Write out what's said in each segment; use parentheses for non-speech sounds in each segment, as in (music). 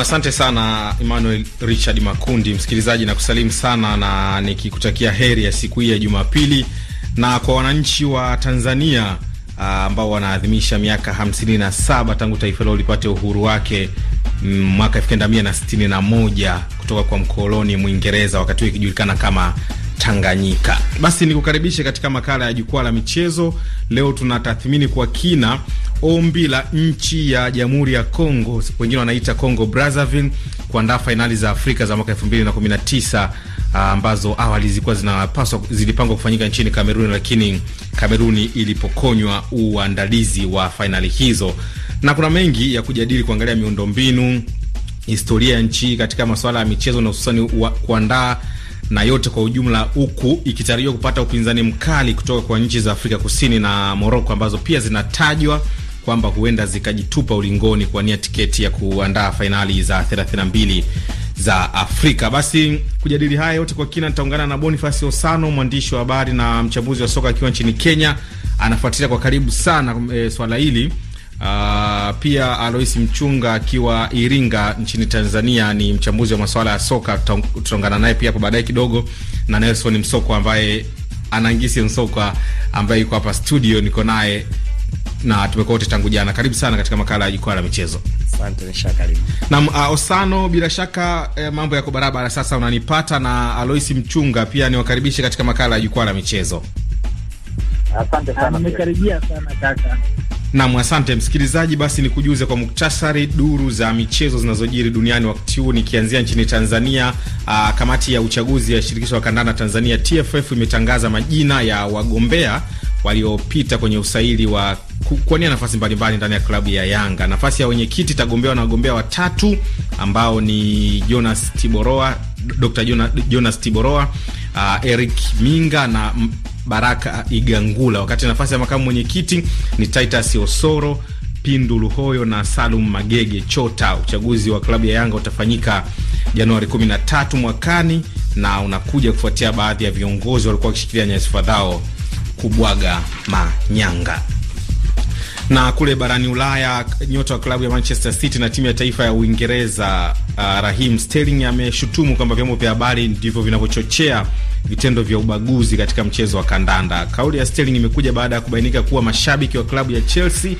asante sana Emmanuel Richard Makundi. Msikilizaji na kusalimu sana na nikikutakia heri ya siku hii ya Jumapili, na kwa wananchi wa Tanzania ah, ambao wanaadhimisha miaka 57 tangu taifa hilo lipate uhuru wake mm, mwaka 1961 kutoka kwa mkoloni Mwingereza, wakati huo ikijulikana kama Tanganyika. Basi nikukaribishe katika makala ya jukwaa la michezo. Leo tunatathmini kwa kina ombi la nchi ya Jamhuri ya Kongo, wengine wanaita Congo Brazzaville, kuandaa fainali za Afrika za mwaka 2019 ah, ambazo awali zilikuwa zinapaswa zilipangwa kufanyika nchini Kameruni, lakini Kameruni ilipokonywa uandalizi wa fainali hizo. Na kuna mengi ya kujadili, kuangalia miundombinu, historia ya nchi katika masuala ya michezo na hususani kuandaa na yote kwa ujumla, huku ikitarajiwa kupata upinzani mkali kutoka kwa nchi za Afrika Kusini na Moroko ambazo pia zinatajwa kwamba huenda zikajitupa ulingoni kuwania tiketi ya kuandaa fainali za 32 za Afrika. Basi kujadili haya yote kwa kina, nitaungana na Boniface Osano, mwandishi wa habari na mchambuzi wa soka akiwa nchini Kenya, anafuatilia kwa karibu sana e, swala hili. Uh, pia Alois Mchunga akiwa Iringa nchini Tanzania ni mchambuzi wa masuala ya soka, tutaungana naye pia hapo baadaye kidogo, na Nelson Msoko ambaye anaingisi Msoko ambaye yuko hapa studio, niko naye na tumekuwa wote tangu jana. Karibu sana katika makala ya jukwaa la michezo. Naam, uh, Osano bila shaka eh, mambo yako barabara sasa unanipata na Aloisi Mchunga pia niwakaribishe katika makala ya jukwaa la michezo. Asante sana. Nimekaribia sana kaka. Nam, asante msikilizaji. Basi ni kujuze kwa muktasari duru za michezo zinazojiri duniani wakati huu, nikianzia nchini Tanzania. Aa, uh, kamati ya uchaguzi ya shirikisho la kandanda Tanzania TFF imetangaza majina ya wagombea waliopita kwenye usaili wa kuwania nafasi mbalimbali ndani ya klabu ya Yanga. Nafasi ya wenyekiti itagombewa na wagombea watatu ambao ni Jonas Tiboroa, Dr. Jonas Tiboroa, uh, Eric Minga na Baraka Igangula, wakati nafasi ya makamu mwenyekiti ni Titus Osoro, Pindu Luhoyo na Salum Magege Chota. Uchaguzi wa klabu ya Yanga utafanyika Januari 13 mwakani na unakuja kufuatia baadhi ya viongozi walikuwa wakishikilia nyadhifa zao kubwaga manyanga. Na kule barani Ulaya, nyota wa klabu ya Manchester City na timu ya taifa ya Uingereza uh, Raheem Sterling ameshutumu kwamba vyombo vya habari ndivyo vinavyochochea vitendo vya ubaguzi katika mchezo wa kandanda. Kauli ya Sterling imekuja baada ya kubainika kuwa mashabiki wa klabu ya Chelsea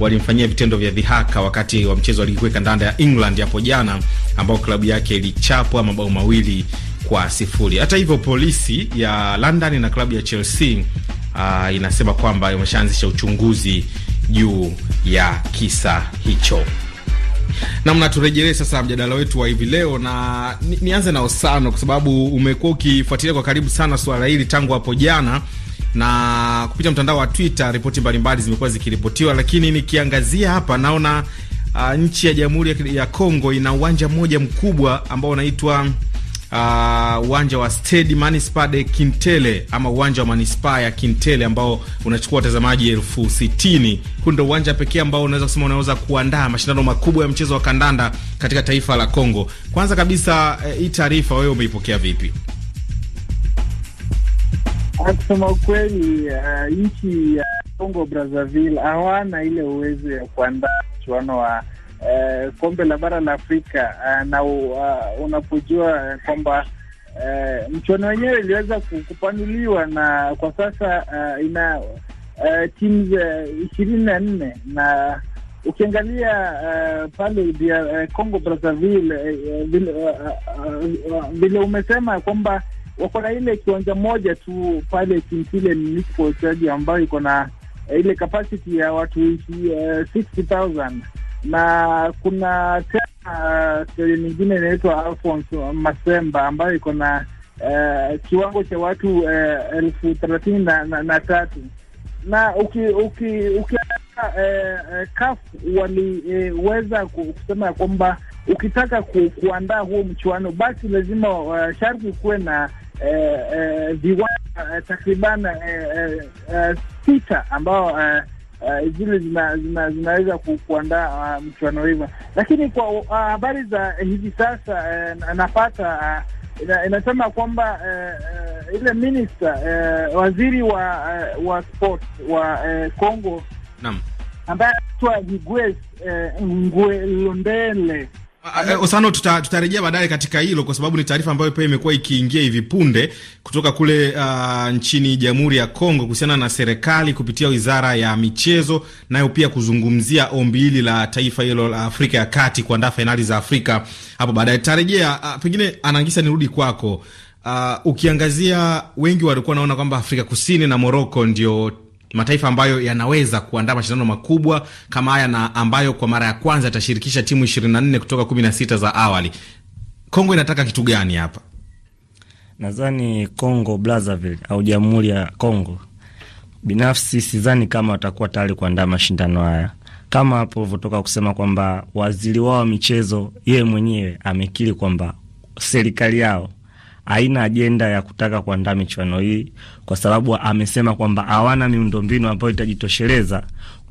walimfanyia vitendo vya dhihaka wakati wa mchezo wa ligi kuu ya kandanda ya England hapo jana, ambao klabu yake ilichapwa mabao mawili kwa sifuri. Hata hivyo, polisi ya London na klabu ya Chelsea uh, inasema kwamba imeshaanzisha uchunguzi juu ya kisa hicho. Namna turejelee sasa mjadala wetu wa hivi leo, na nianze na Osano kwa sababu umekuwa ukifuatilia kwa karibu sana suala hili tangu hapo jana, na kupitia mtandao wa Twitter ripoti mbalimbali zimekuwa zikiripotiwa, lakini nikiangazia hapa naona uh, nchi ya Jamhuri ya Kongo ina uwanja mmoja mkubwa ambao unaitwa Uh, uwanja uh, wa Stade Manispa de Kintele ama uwanja wa manispaa ya Kintele ambao unachukua watazamaji elfu sitini. Huu ndio uwanja pekee ambao unaweza kusema unaweza kuandaa mashindano makubwa ya mchezo wa kandanda katika taifa la congo Kwanza kabisa eh, hii e, taarifa wewe umeipokea vipi? Kusema ukweli, uh, nchi ya congo Brazzaville hawana ile uwezo ya kuandaa mchuano wa Eh, kombe la bara la Afrika uh, na uh, unapojua kwamba uh, mchuano wenyewe iliweza kupanuliwa na kwa sasa uh, ina uh, timu ishirini na nne na ukiangalia uh, pale dia, uh, Congo Brazzaville uh, vile, uh, uh, uh, umesema kwamba wako na ile kiwanja moja tu pale Kintile Municipal Stadium ambayo iko na ile capacity ya watu elfu sitini na kuna tena stori eh, nyingine inaitwa alfons Masemba ambayo iko na uh, kiwango cha watu uh, elfu thelathini na, na, na tatu na uki uki eh, CAF waliweza eh, kusema ya kwamba ukitaka ku, kuandaa huo mchuano basi lazima uh, sharti kuwe na eh, eh, viwanja eh, takriban eh, eh, sita ambao eh, uh, zile zinaweza zina, zina kuandaa uh, ah, mchuano hivyo, lakini kwa ah, habari uh, za hivi sasa uh, napata uh, inasema kwamba uh, uh, ile minista uh, waziri wa uh, wa sport wa Congo uh, ambaye anaitwa Higues uh, Ngwelondele Eh, eh, Osano, tutarejea tuta baadaye katika hilo kwa sababu ni taarifa ambayo pia imekuwa ikiingia hivi punde kutoka kule uh, nchini Jamhuri ya Kongo kuhusiana na serikali kupitia wizara ya michezo, nayo pia kuzungumzia ombi hili la taifa hilo la Afrika ya Kati kuandaa fainali za Afrika hapo baadaye. Tutarejea uh, pengine anaangisa, nirudi kwako. Uh, ukiangazia wengi walikuwa naona kwamba Afrika Kusini na Moroko ndio mataifa ambayo yanaweza kuandaa mashindano makubwa kama haya na ambayo kwa mara ya kwanza yatashirikisha timu 24 kutoka 16 za awali. Kongo inataka kitu gani hapa? Nadhani Kongo Brazzaville au Jamhuri ya Kongo, binafsi sidhani kama watakuwa tayari kuandaa mashindano haya, kama hapo ulivyotoka kusema kwamba waziri wao wa michezo yeye mwenyewe amekiri kwamba serikali yao haina ajenda ya kutaka kuandaa michuano hii, kwa sababu amesema kwamba hawana miundombinu ambayo itajitosheleza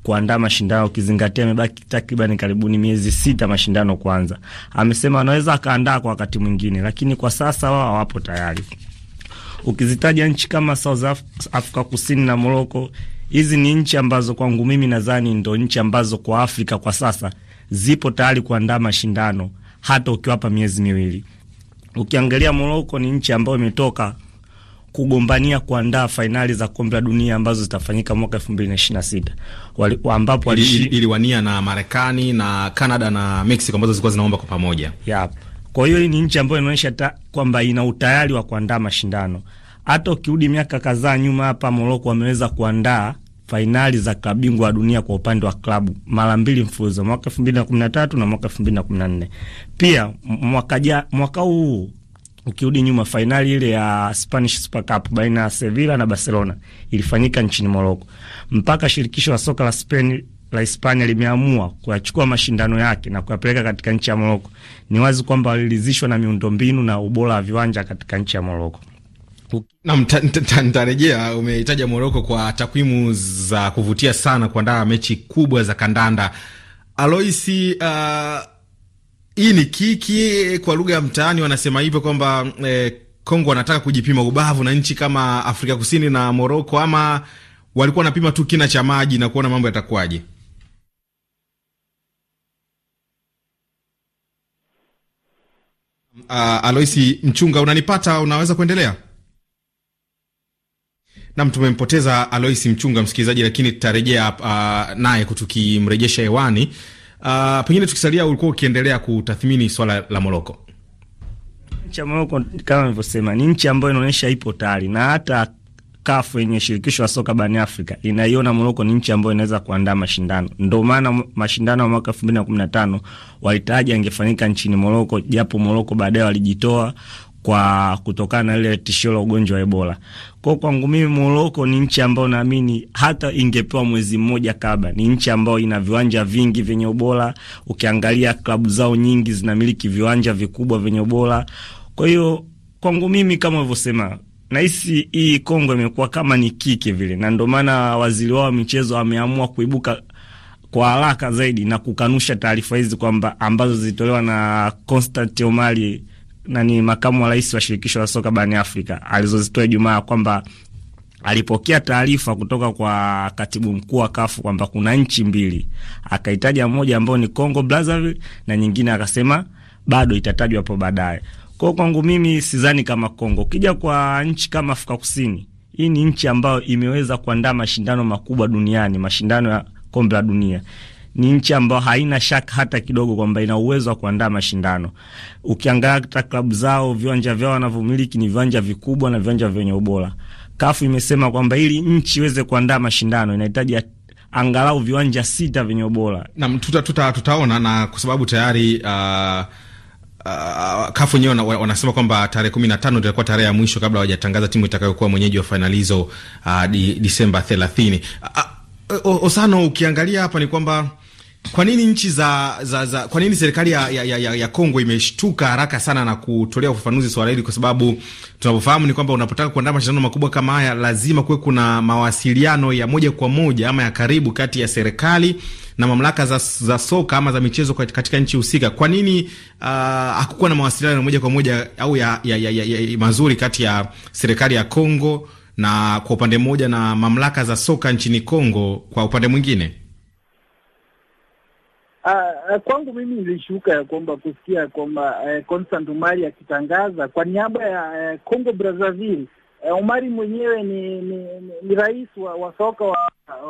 kuandaa mashindano, ukizingatia amebaki takriban karibuni miezi sita mashindano kwanza. Amesema anaweza akaandaa kwa wakati mwingine, lakini kwa sasa wao hawapo tayari. Ukizitaja nchi kama South Africa Kusini na Moroko, hizi ni nchi ambazo kwangu mimi nadhani ndo nchi ambazo kwa Afrika kwa sasa zipo tayari kuandaa mashindano hata ukiwapa miezi miwili. Ukiangalia Moroko ni nchi ambayo imetoka kugombania kuandaa fainali za kombe la dunia ambazo zitafanyika mwaka elfu mbili na na sita ambapo iliwania na Marekani na Canada na Mexico ambazo zilikuwa zinaomba kwa pamoja. Yep. Kwa hiyo hii ni nchi ambayo inaonyesha kwamba ina utayari wa kuandaa mashindano. Hata ukirudi miaka kadhaa nyuma hapa Moroko wameweza kuandaa fainali za klabu wa dunia kwa upande wa klabu mara mbili mfululizo mwaka elfu mbili na kumi na na tatu mwaka elfu mbili na na kumi nne Pia mwaka ja, mwaka huu ukirudi nyuma, fainali ile ya Spanish Super Cup baina ya Sevilla na Barcelona ilifanyika nchini Moroko Mpaka shirikisho la soka la Spain la Hispania limeamua kuyachukua mashindano yake na kuyapeleka katika nchi ya Moroko. Ni wazi kwamba waliridhishwa na miundombinu na ubora wa viwanja katika nchi ya Moroko. Naam, nitarejea. Umeitaja Moroko kwa takwimu za kuvutia sana kuandaa mechi kubwa za kandanda. Aloisi, uh, hii ni kiki kwa lugha ya mtaani, wanasema hivyo kwamba eh, Kongo wanataka kujipima ubavu na nchi kama Afrika Kusini na Moroko, ama walikuwa wanapima tu kina cha maji na kuona mambo yatakuwaje? Uh, Aloisi Mchunga, unanipata? Unaweza kuendelea? Nam, tumempoteza Alois Mchunga msikilizaji, lakini tutarejea uh, naye tukimrejesha hewani. Uh, pengine tukisalia, ulikuwa ukiendelea kutathmini swala la Moroko. Nchi ya Moroko kama nilivyosema, ni nchi ambayo inaonyesha ipo tayari na hata kafu yenye shirikisho la soka barani Afrika inaiona Moroko ni nchi ambayo inaweza kuandaa mashindano. Ndio maana mashindano ya mwaka elfu mbili na kumi na tano walitaji angefanyika nchini Moroko, japo Moroko baadaye walijitoa kwa kutokana na ile tishio la ugonjwa wa Ebola. Kwa kwangu mimi Moroko ni nchi ambayo naamini hata ingepewa mwezi mmoja kabla, ni nchi ambayo ina viwanja vingi vyenye ubora. Ukiangalia klabu zao nyingi zinamiliki viwanja vikubwa vyenye ubora. Kwa hiyo kwangu mimi kama ulivyosema nahisi hii Kongo imekuwa kama ni kike vile, na ndio maana waziri wao wa michezo ameamua kuibuka kwa haraka zaidi na kukanusha taarifa hizi kwamba ambazo zilitolewa na Constant Omari nani makamu wa rais wa shirikisho la soka barani Afrika alizozitoa Ijumaa kwamba alipokea taarifa kutoka kwa katibu mkuu wa kafu kwamba kuna nchi mbili, akaitaja moja ambayo ni Congo Brazzaville na nyingine akasema bado itatajwa hapo baadaye. Kwao kwangu mimi sidhani kama Congo. Ukija kwa nchi kama Afrika Kusini, hii ni nchi ambayo imeweza kuandaa mashindano makubwa duniani, mashindano ya kombe la dunia ni nchi ambayo haina shaka hata kidogo kwamba ina uwezo wa kuandaa mashindano. Ukiangalia hata klabu zao, viwanja vyao wanavyomiliki ni viwanja vikubwa na viwanja vyenye ubora. Kafu imesema kwamba ili nchi iweze kuandaa mashindano inahitaji angalau viwanja sita vyenye ubora. Nam tuta, tuta, tutaona na kwa sababu tayari uh... Uh, kafu wenyewe wanasema kwamba tarehe kumi na tano itakuwa tarehe ya mwisho kabla hawajatangaza timu itakayokuwa mwenyeji wa fainali hizo uh, di, Disemba thelathini. Uh, uh, Osano, ukiangalia hapa ni kwamba kwa nini nchi za, za, za kwa nini serikali ya, ya, ya, ya Kongo imeshtuka haraka sana na kutolea ufafanuzi swala hili? Kwa sababu tunavyofahamu ni kwamba unapotaka kuandaa mashindano makubwa kama haya lazima kuwe kuna mawasiliano ya moja kwa moja ama ya karibu kati ya serikali na mamlaka za, za soka ama za michezo katika nchi husika. Kwa nini uh, hakukuwa na mawasiliano moja kwa moja au ya, ya, ya, ya, ya, ya mazuri kati ya serikali ya Kongo na kwa upande mmoja na mamlaka za soka nchini Kongo kwa upande mwingine? Uh, kwangu mimi nilishuka ya kwamba kusikia kwamba uh, Constant Umari akitangaza kwa niaba ya uh, Congo Brazzaville. Uh, Umari mwenyewe ni ni, ni, ni rais wa, wa soka wa,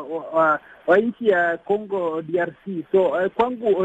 wa, wa, wa nchi ya Congo DRC. So uh, kwangu uh,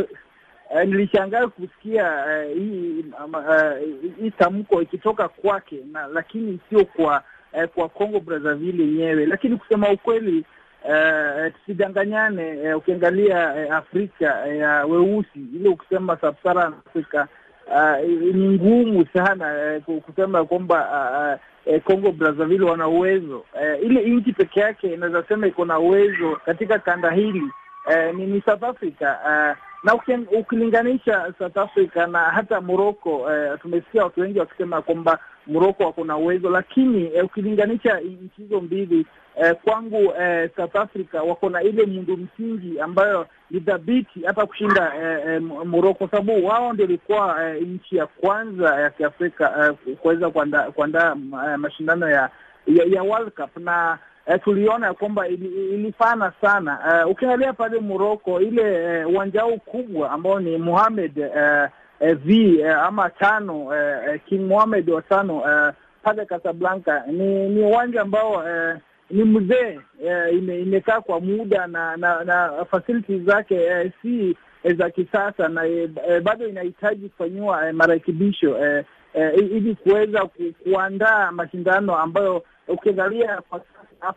uh, nilishangaa kusikia hii uh, uh, uh, tamko ikitoka kwake na lakini sio kwa uh, kwa Congo Brazzaville yenyewe, lakini kusema ukweli Eh, tusidanganyane. Uh, ukiangalia uh, Afrika ya uh, weusi ile ukisema Sub-Saharan uh, ni ngumu sana uh, kusema kwamba uh, uh, Congo Brazzaville wana uwezo uh, ile nchi peke yake inaweza sema iko na uwezo katika kanda hili uh, ni, ni South Africa uh, na ukilinganisha South Africa na hata Morocco uh, tumesikia watu wengi wakisema kwamba moroko wako na uwezo, lakini eh, ukilinganisha nchi hizo mbili eh, kwangu eh, South Africa wako na ile miundo msingi ambayo ni dhabiti hata kushinda eh, eh, Moroko, kwa sababu wao ndio ilikuwa eh, nchi ya kwanza eh, ya Kiafrika eh, kuweza kuandaa eh, mashindano ya, ya, ya World Cup na eh, tuliona ya kwamba ilifana sana eh, ukiangalia pale moroko ile eh, uwanja eh, wao kubwa ambao ni Mohamed eh, eh, v eh, ama tano eh, eh King Mohamed wa tano eh, pale kasablanka ni ni uwanja ambao eh, ni mzee eh, imekaa kwa muda na na, na facilities zake eh, si eh, za kisasa na eh, eh bado inahitaji kufanyiwa eh, marekebisho eh, eh, ili kuweza ku, kuandaa mashindano ambayo ukiangalia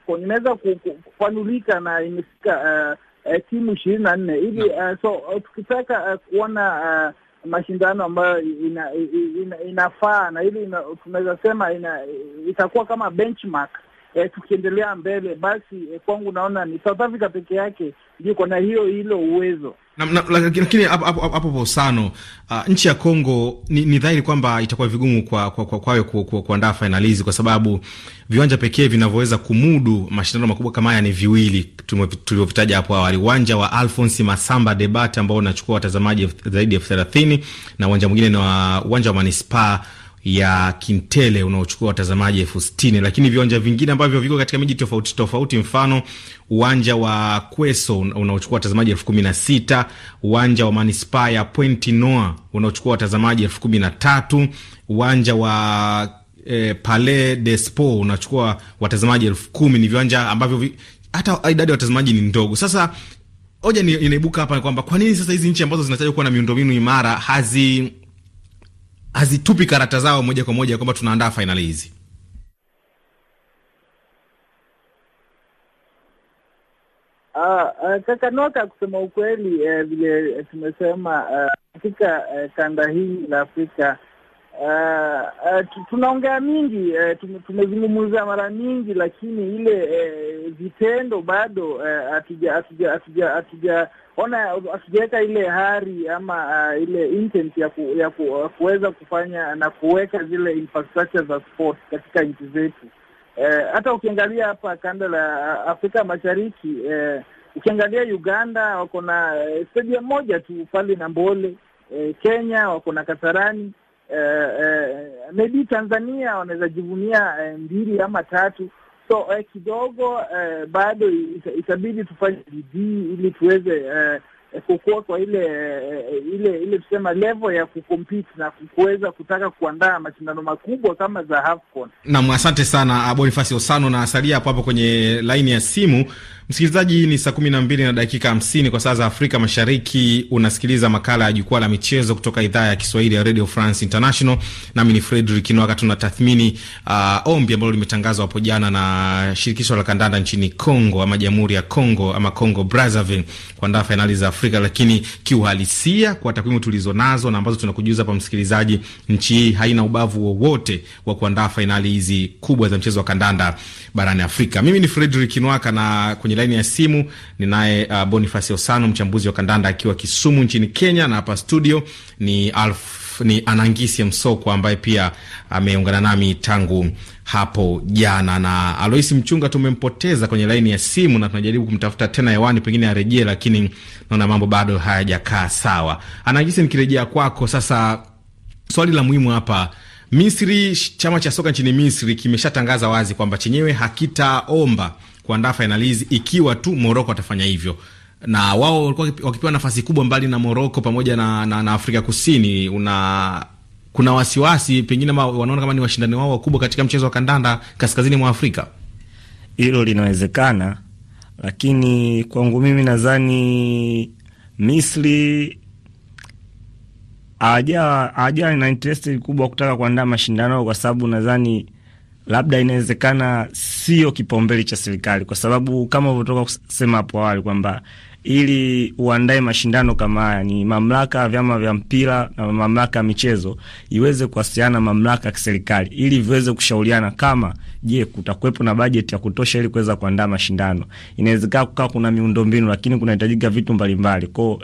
kwa imeweza kupanulika na imefika eh, eh, timu ishirini na nne hivi eh, so tukitaka eh, kuona eh, mashindano ambayo ina, ina, ina, inafaa na hili tunaweza sema itakuwa kama benchmark eh, tukiendelea mbele basi eh, kwangu naona ni South Africa peke yake ndio kuna hiyo hilo uwezo lakini hapo Sano uh, ah, nchi ya Kongo ni, ni dhahiri kwamba itakuwa vigumu kwayo kwa, kwa, kwa, kwa, kuandaa fainali hizi kwa sababu viwanja pekee vinavyoweza kumudu mashindano makubwa kama haya ni viwili tulivyovitaja hapo awali, uwanja wa Alphonse Masamba debat ambao unachukua watazamaji zaidi ya elfu thelathini na uwanja mwingine na uwanja wa manispaa ya Kintele unaochukua watazamaji elfu sitini lakini viwanja vingine ambavyo viko katika miji tofauti tofauti, mfano uwanja wa Kweso unaochukua watazamaji elfu kumi na sita uwanja wa manispaa ya Pointe Noa unaochukua watazamaji elfu kumi na tatu uwanja wa e, Palais de Sports unachukua watazamaji elfu kumi Ni viwanja ambavyo vi, hata idadi ya watazamaji ni ndogo. Sasa hoja inaibuka hapa kwamba kwa nini sasa hizi nchi ambazo zinatajwa kuwa na miundombinu imara hazi hazitupi karata zao moja kwa moja kwamba tunaandaa fainali hizi? Uh, kaka Noka, kusema ukweli uh, vile tumesema eh, katika uh, uh, kanda hii la Afrika uh, uh, tunaongea mingi uh, tumezungumza mara nyingi, lakini ile uh, vitendo bado hatuja uh, ona asijaweka ile hari ama uh, ile intent ya, ku, ya, ku, ya uh, kuweza kufanya na kuweka zile infrastructure za sport katika nchi zetu. Eh, hata ukiangalia hapa kanda la uh, Afrika Mashariki eh, ukiangalia Uganda wako na eh, stadium moja tu pale na Mbole eh, Kenya wako na Kasarani eh, eh, maybe Tanzania wanaweza jivunia eh, mbili ama tatu so eh, kidogo eh, bado itabidi tufanye bidii ili tuweze eh, kukua kwa ile eh, ile ile tusema level ya kukompiti na kuweza kutaka kuandaa mashindano makubwa kama za Hafcon. Naam, asante sana Bonifasi Osano, na asalia hapo hapo kwenye laini ya simu. Msikilizaji, ni saa kumi na mbili na dakika hamsini kwa saa za Afrika Mashariki. Unasikiliza makala ya Jukwaa la Michezo kutoka idhaa ya Kiswahili ya Radio France International, nami ni Fredrick Nwaka. Tunatathmini uh, ombi ambalo limetangazwa hapo jana na shirikisho la kandanda nchini Congo ama jamhuri ya Congo ama Congo Brazzaville kuandaa fainali za Afrika, lakini kiuhalisia, kwa takwimu tulizo nazo na ambazo tunakujuza hapa msikilizaji, nchi hii haina ubavu wowote wa kuandaa fainali hizi kubwa za mchezo wa kandanda barani Afrika. Mimi ni Fredrik Nwaka na kwenye kwenye laini ya simu ninaye uh, Bonifasi Osano, mchambuzi wa kandanda akiwa Kisumu nchini Kenya, na hapa studio ni Alf, ni Anangisi Msoko ambaye pia ameungana nami tangu hapo jana, na alois Mchunga tumempoteza kwenye laini ya simu na tunajaribu kumtafuta tena hewani, pengine arejee, lakini naona mambo bado hayajakaa sawa. Anangisi, nikirejea kwako sasa, swali la muhimu hapa Misri, chama cha soka nchini Misri kimeshatangaza wazi kwamba chenyewe hakitaomba kuandaa fainali hizi ikiwa tu Moroko atafanya hivyo na wao walikuwa wakipewa nafasi kubwa mbali na Moroko pamoja na, na, na Afrika Kusini. Una kuna wasiwasi pengine wanaona kama ni washindani wao wakubwa katika mchezo wa kandanda kaskazini mwa Afrika. Hilo linawezekana, lakini kwangu mimi nadhani Misri hawajawa na interest kubwa kutaka kuandaa mashindano, kwa sababu nadhani labda inawezekana sio kipaumbele cha serikali, kwa sababu kama ulivyotoka kusema hapo awali kwamba ili uandae mashindano kama haya, ni mamlaka ya vyama vya mpira na mamlaka ya michezo iweze kuwasiliana mamlaka ya kiserikali ili viweze kushauriana kama je, kutakuwepo na bajeti ya kutosha ili kuweza kuandaa mashindano. Inawezekana kukaa kuna miundombinu, lakini kunahitajika vitu mbalimbali kwao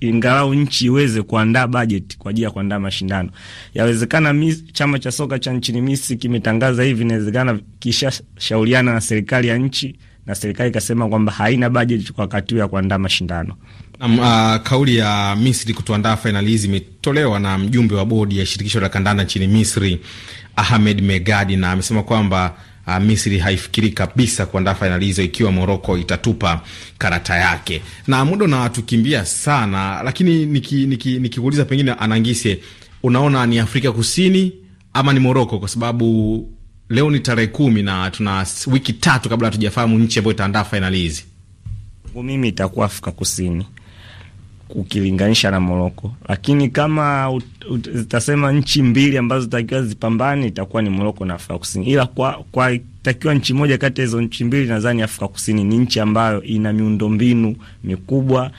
ingalau nchi iweze kuandaa bajeti kwa ajili ya kuandaa mashindano. Yawezekana chama cha soka cha nchini Misri kimetangaza hivi, inawezekana kishashauriana na serikali ya nchi na serikali ikasema kwamba haina bajeti kwa wakati huu ya kuandaa mashindano. Um, uh, kauli ya Misri kutuandaa fainali hizi imetolewa na mjumbe wa bodi ya shirikisho la kandanda nchini Misri Ahmed Megadi, na amesema kwamba uh, Misri haifikiri kabisa kuandaa fainali hizo ikiwa Moroko itatupa karata yake. Na muda unatukimbia sana, lakini nikikuuliza niki, niki pengine anangise, unaona ni Afrika Kusini ama ni Moroko kwa sababu leo ni tarehe kumi na tuna wiki tatu kabla hatujafahamu nchi ambayo itaandaa fainali hizi. Mimi itakuwa Afrika Kusini ukilinganisha na Moroko, lakini kama zitasema nchi mbili ambazo zitakiwa zipambane itakuwa ni Moroko na Afrika Kusini, ila kwa, kwa takiwa nchi moja kati ya hizo nchi mbili, nadhani Afrika Kusini ni nchi ambayo ina miundombinu mikubwa,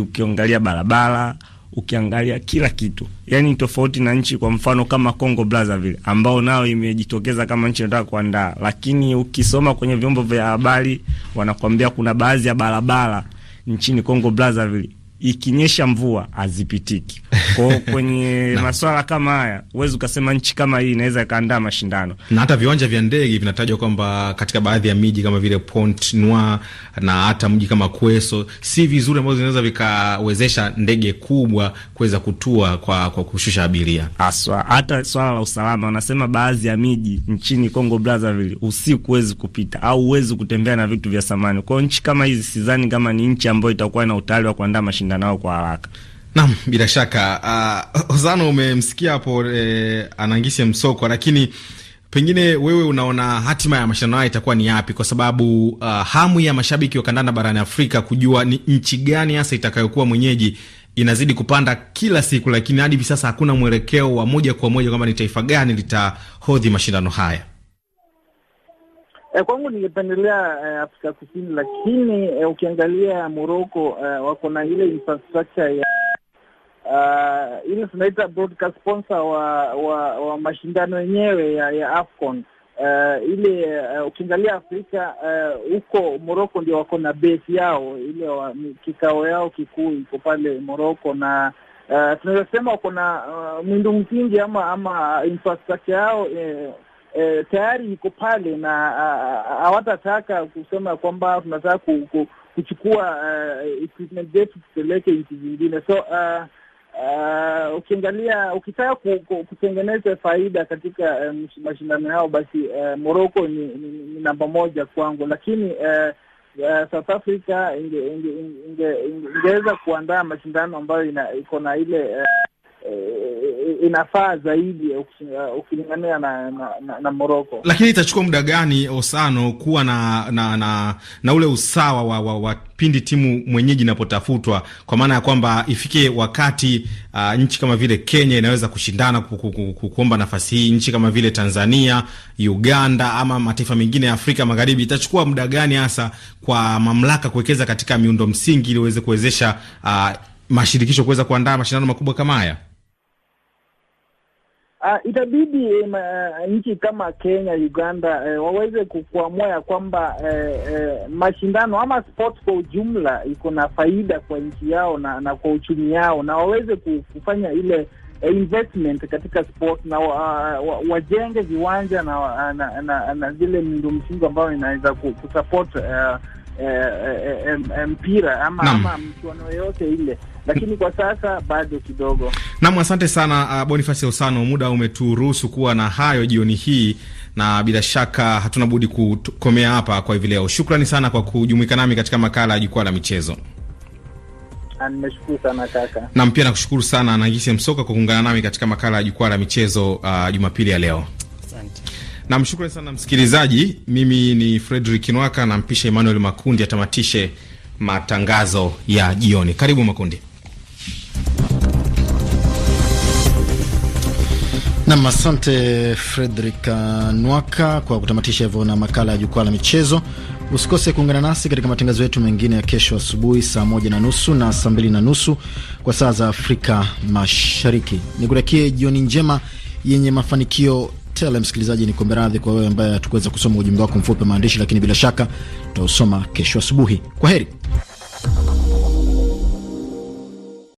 ukiangalia barabara ukiangalia kila kitu, yani tofauti na nchi kwa mfano kama Congo Brazzaville ambao nao imejitokeza kama nchi inataka kuandaa, lakini ukisoma kwenye vyombo vya habari wanakwambia kuna baadhi ya barabara nchini Congo Brazzaville ikinyesha mvua hazipitiki. Kwa kwenye no. (laughs) masuala kama haya huwezi ukasema nchi kama hii inaweza ikaandaa mashindano. Na hata viwanja vya ndege vinatajwa kwamba katika baadhi ya miji kama vile Pont Noir na hata mji kama Kweso si vizuri, ambavyo vinaweza vikawezesha ndege kubwa kuweza kutua kwa, kwa kushusha abiria aswa. Hata swala la usalama, wanasema baadhi ya miji nchini Congo Brazzaville usiku huwezi kupita au huwezi kutembea na vitu vya samani. Kwao nchi kama hizi sidhani kama ni nchi ambayo itakuwa na utayari wa kuandaa mashindano kushinda nao kwa haraka. Naam, bila shaka uh, ah, Ozano umemsikia hapo eh, Anangishe Msoko, lakini pengine wewe unaona hatima ya mashindano haya itakuwa ni yapi? Kwa sababu uh, hamu ya mashabiki wa kandanda barani Afrika kujua ni nchi gani hasa itakayokuwa mwenyeji inazidi kupanda kila siku, lakini hadi hivi sasa hakuna mwelekeo wa moja kwa moja kwamba ni taifa gani litahodhi mashindano haya. Eh, kwangu ningependelea eh, Afrika Kusini, lakini eh, ukiangalia Morocco eh, wako na ile infrastructure ya uh, ile tunaita broadcast sponsor wa wa, wa mashindano yenyewe ya, ya AFCON uh, ile uh, ukiangalia Afrika huko uh, Morocco ndio wako na base yao ile wa, kikao yao kikuu iko pale Morocco na uh, tunaweza sema wako na uh, miundo msingi ama ama infrastructure yao eh, e, tayari iko pale na hawatataka kusema kwamba tunataka ku, ku, kuchukua uh, equipment zetu tupeleke nchi zingine. So uh, uh, ukiangalia ukitaka ku, ku, kutengeneza faida katika um, mashindano yao, basi uh, Morocco ni, ni, ni namba moja kwangu, lakini uh, Uh, South Africa ingeweza inge, inge, inge, kuandaa mashindano ambayo iko na ile uh, inafaa zaidi uh, ukilinganisha na, na, na, na Moroko. Lakini itachukua muda gani Osano kuwa na na, na, na ule usawa wa, wa, wa pindi timu mwenyeji inapotafutwa, kwa maana ya kwamba ifike wakati uh, nchi kama vile Kenya inaweza kushindana kuomba nafasi hii, nchi kama vile Tanzania, Uganda ama mataifa mengine ya Afrika Magharibi. Itachukua muda gani hasa kwa mamlaka kuwekeza katika miundo msingi ili uweze kuwezesha uh, mashirikisho kuweza kuandaa mashindano makubwa kama haya? Uh, itabidi um, uh, nchi kama Kenya, Uganda uh, waweze kuamua ya kwamba uh, uh, mashindano ama sport kwa ujumla iko na faida kwa nchi yao na, na kwa uchumi yao, na waweze kufanya ile uh, investment katika sport na uh, wajenge viwanja na, ah, na, na, na zile miundo msingi ambayo inaweza kusupport uh, uh, uh, mpira ama, ama mchuano yoyote ile lakini kwa sasa bado kidogo. Nam, asante sana uh, Bonifasi Osano, muda umeturuhusu kuwa na hayo jioni hii, na bila shaka hatuna budi kukomea hapa kwa hivi leo. Shukrani sana kwa kujumuika nami katika makala ya jukwaa la michezo. Nimeshukuru sana kaka. Nam, pia nakushukuru sana Nangise Msoka kwa kuungana nami katika makala ya jukwaa la michezo uh, Jumapili ya leo. Asante. Namshukuru sana msikilizaji. Mimi ni Fredrick Nwaka, nampisha Emmanuel Makundi atamatishe matangazo ya jioni. Karibu Makundi. Nam, asante Fredrik uh, Nwaka kwa kutamatisha hivyo na makala ya jukwaa la michezo. Usikose kuungana nasi katika matangazo yetu mengine ya kesho asubuhi saa moja na nusu na saa mbili na nusu kwa saa za Afrika Mashariki. Nikutakie jioni njema yenye mafanikio tele. Msikilizaji, ni kuombe radhi kwa wewe ambaye hatukuweza kusoma ujumbe wako mfupi wa maandishi, lakini bila shaka tutausoma kesho asubuhi. Kwa heri.